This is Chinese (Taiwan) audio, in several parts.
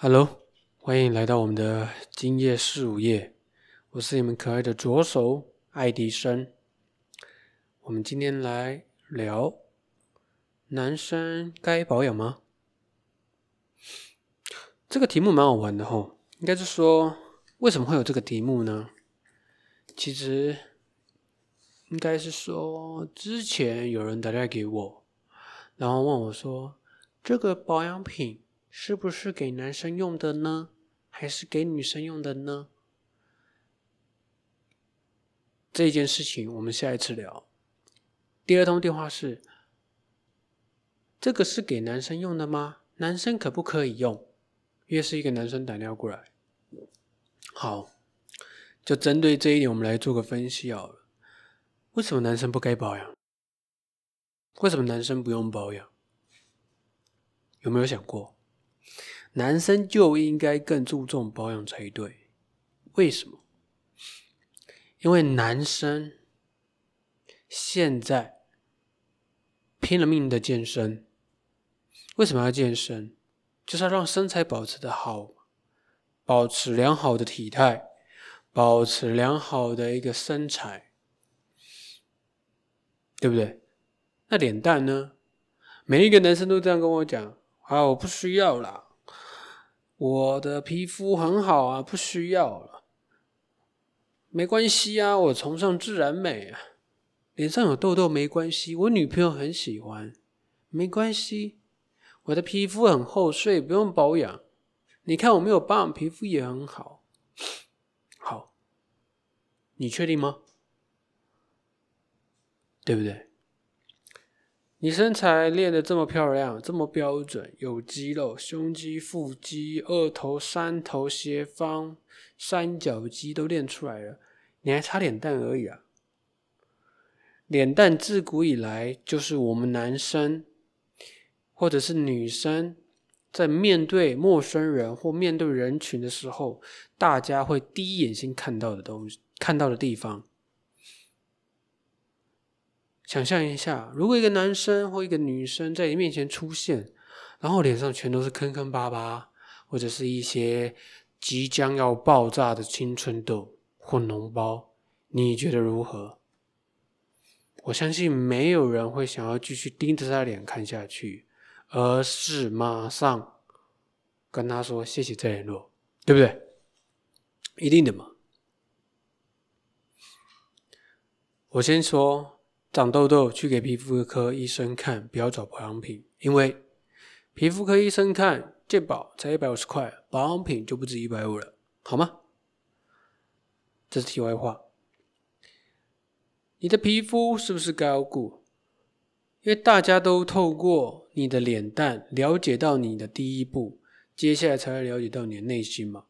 哈嘍，Hello, 歡迎來到我們的今夜是午夜。我是你們可愛的左手愛迪生。我們今天來聊，男生該保養嗎？這個題目蠻好玩的吼、哦。應該是說，為什麼會有這個題目呢？其實，應該是說，之前有人打電話給我，然後問我說，這個保養品。是不是給男生用的呢？還是給女生用的呢？這件事情我們下一次聊。第二通電話是，這個是給男生用的嗎？男生可不可以用？又是一個男生打電話過來。好，就針對這一點，我們來做個分析哦。為什麼男生不該保養？為什麼男生不用保養？有沒有想過？男生就應該更注重保養才對，為什麼？因為男生現在拼了命的健身，為什麼要健身？就是要讓身材保持的好，保持良好的體態，保持良好的一個身材，對不對？那臉蛋呢？每一個男生都這樣跟我講。啊，我不需要啦，我的皮膚很好啊，不需要了，沒關係啊，我崇尚自然美啊，臉上有痘痘沒關係，我女朋友很喜歡，沒關係，我的皮膚很厚，所以不用保養，你看我沒有保養，皮膚也很好，好，你確定嗎？對不對？你身材練得這麼漂亮，這麼標準，有肌肉，胸肌、腹肌、二頭、三頭、斜方、三角肌都練出來了，你還差臉蛋而已啊！臉蛋自古以來就是我們男生，或者是女生，在面對陌生人或面對人群的時候，大家會第一眼先看到的東西，看到的地方。想象一下，如果一個男生或一個女生在你面前出現，然後臉上全都是坑坑巴巴，或者是一些即將要爆炸的青春痘或膿包，你覺得如何？我相信沒有人會想要繼續盯着他的臉看下去，而是馬上跟他說：“謝謝，再聯絡。”對不對？一定的嘛。我先說。長痘痘去給皮膚科醫生看，不要找保養品，因為皮膚科醫生看健保才一百五十塊，保養品就不止一百五了，好嗎？這是題外話。你的皮膚是不是該要顧？因為大家都透過你的臉蛋了解到你的第一步，接下來才會了解到你的內心嘛，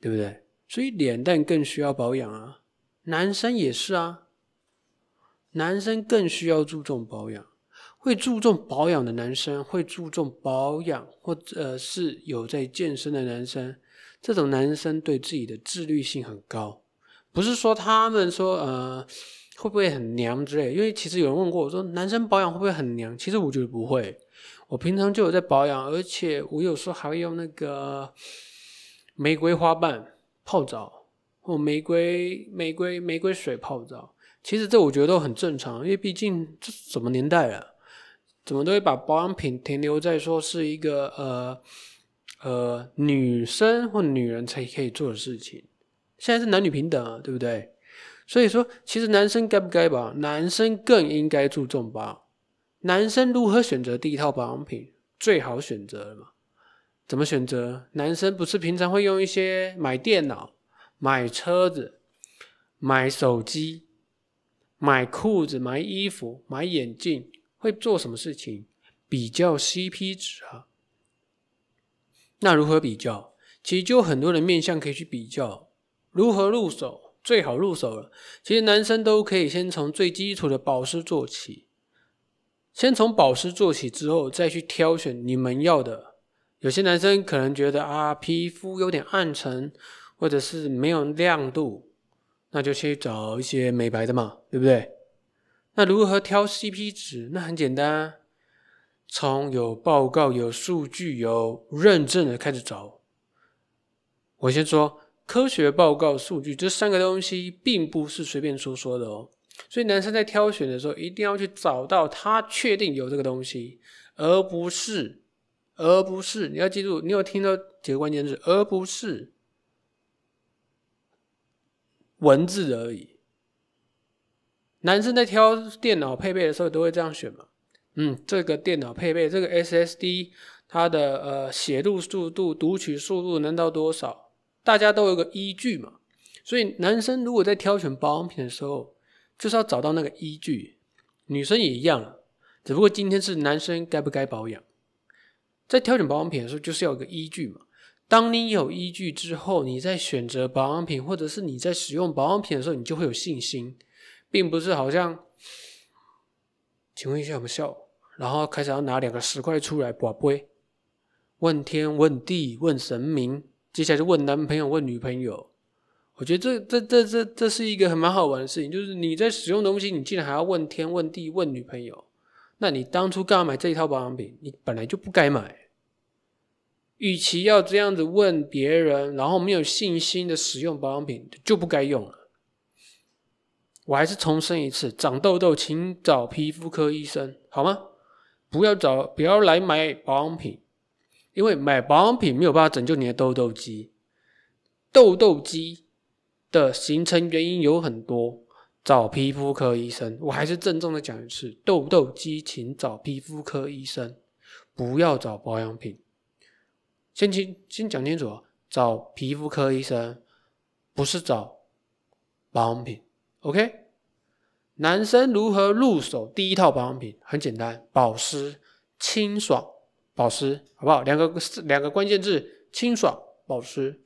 對不對？所以臉蛋更需要保養啊，男生也是啊。男生更需要注重保養，會注重保養的男生，會注重保養，或者是有在健身的男生，這種男生對自己的自律性很高，不是說他們說呃會不會很娘之類，因為其實有人問過我說男生保養會不會很娘，其實我覺得不會，我平常就有在保養，而且我有時候還會用那個玫瑰花瓣泡澡，或玫瑰玫瑰玫瑰水泡澡。其實這我覺得都很正常，因為畢竟這什麼年代了，啊，怎麼都會把保養品停留在說是一個呃呃女生或女人才可以做的事情。現在是男女平等，啊，對不對？所以說，其實男生該不該保養？男生更應該注重保養。男生如何選擇第一套保養品？最好選擇了嘛？怎麼選擇？男生不是平常會用一些買電腦、買車子、買手機。買褲子、買衣服、買眼鏡，會做什麼事情比較 CP 值啊？那如何比較？其實就有很多的面向可以去比較。如何入手？最好入手了。其實男生都可以先從最基礎的保濕做起，先從保濕做起之後，再去挑選你們要的。有些男生可能覺得啊，皮膚有點暗沉，或者是沒有亮度。那就去找一些美白的嘛，對不對？那如何挑 CP 值？那很簡單，從有報告、有數據、有認證的開始找。我先說，科學報告、數據這三個東西，並不是隨便說說的哦。所以男生在挑選的時候，一定要去找到他確定有這個東西，而不是，而不是你要記住，你有聽到幾個關鍵字，而不是。文字而已。男生在挑電腦配備的時候都會這樣選嘛？嗯，這個電腦配備，這個 SSD，它的呃寫入速度、讀取速度能到多少？大家都有個依據嘛。所以男生如果在挑選保養品的時候，就是要找到那個依據。女生也一樣了啊，只不過今天是男生該不該保養，在挑選保養品的時候，就是要有個依據嘛。當你有依據之後，你在選擇保養品，或者是你在使用保養品的時候，你就會有信心，並不是好像，請問一下有沒有效，然後開始要拿兩個石塊出來卜卦，問天問地問神明，接下來就問男朋友問女朋友。我覺得這這這這這是一個很蠻好玩的事情，就是你在使用東西，你竟然還要問天問地問女朋友，那你當初幹嘛買這一套保養品？你本來就不該買。與其要這樣子問別人，然後沒有信心的使用保養品，就不該用了。我還是重申一次，長痘痘請找皮膚科醫生，好嗎？不要找，不要來買保養品，因為買保養品沒有辦法拯救你的痘痘肌。痘痘肌的形成原因有很多，找皮膚科醫生。我還是鄭重的講一次，痘痘肌請找皮膚科醫生，不要找保養品。先清先講清楚，找皮膚科醫生，不是找保養品。OK，男生如何入手第一套保養品？很簡單，保濕、清爽、保濕，好不好？兩個兩個關鍵字：清爽、保濕。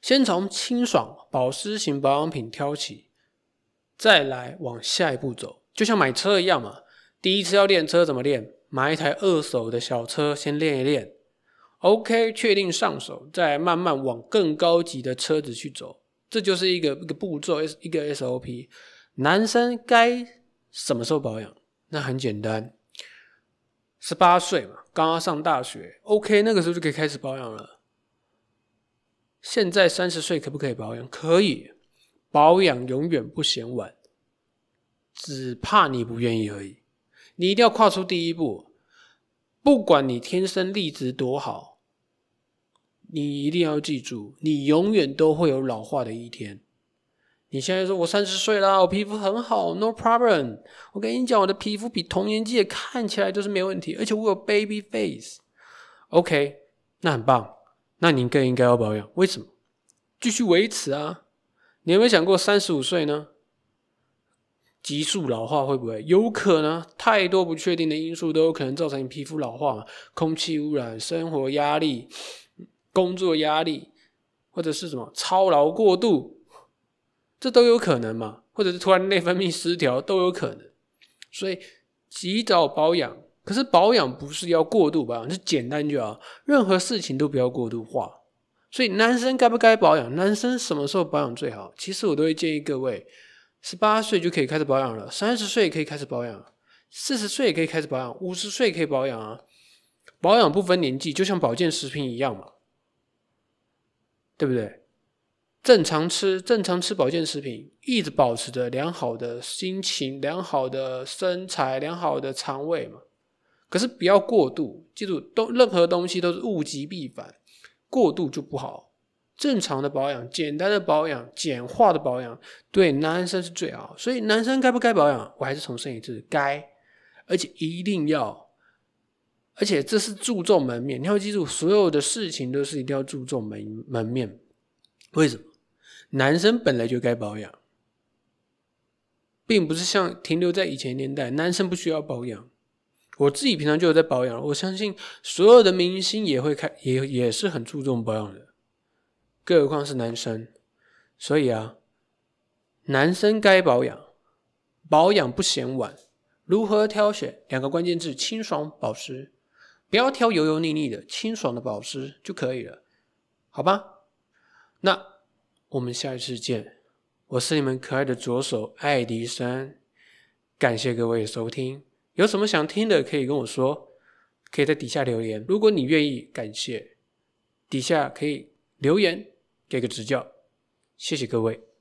先從清爽保濕型保養品挑起，再來往下一步走，就像買車一樣嘛。第一次要練車怎麼練？買一台二手的小車先練一練。OK，確定上手，再慢慢往更高級的車子去走，這就是一個一個步驟，一個 SOP。男生該什麼時候保養？那很簡單，十八歲嘛，剛剛上大學，OK，那個時候就可以開始保養了。現在三十歲可不可以保養？可以，保養永遠不嫌晚，只怕你不願意而已。你一定要跨出第一步，不管你天生麗質多好。你一定要記住，你永遠都會有老化的一天。你現在說我三十歲啦，我皮膚很好，no problem。我跟你講，我的皮膚比同年紀的看起來都是沒問題，而且我有 baby face。OK，那很棒。那你更應該要保養。為什麼？繼續維持啊。你有沒有想過三十五歲呢？急速老化會不會？有可能，太多不確定的因素都有可能造成你皮膚老化嘛。空氣污染，生活壓力。工作壓力或者是什麼操勞過度，這都有可能嘛？或者是突然內分泌失調都有可能。所以及早保養，可是保養不是要過度保養，是簡單就好。任何事情都不要過度化。所以男生該不該保養？男生什麼時候保養最好？其實我都會建議各位，十八歲就可以開始保養了，三十歲可以開始保養，四十歲也可以開始保養，五十歲可以保養啊。保養不分年紀，就像保健食品一樣嘛。對不對？正常吃，正常吃保健食品，一直保持着良好的心情、良好的身材、良好的腸胃嘛。可是不要過度，記住，都任何東西都是物極必反，過度就不好。正常的保養、簡單的保養、簡化的保養，對男生是最好。所以男生該不該保養？我還是重申一次，該，而且一定要。而且這是注重門面，你要記住，所有的事情都是一定要注重門門面。為什麼？男生本來就該保養，並不是像停留在以前年代，男生不需要保養。我自己平常就有在保養，我相信所有的明星也會開，也也是很注重保養的，更何況是男生。所以啊，男生該保養，保養不嫌晚。如何挑選？兩個關鍵字：清爽、保濕。不要挑油油膩膩的，清爽的保濕就可以了，好吧？那我們下一次見，我是你們可愛的左手愛迪生，感謝各位收聽，有什麼想聽的可以跟我說，可以在底下留言。如果你願意，感謝底下可以留言給個指教，謝謝各位。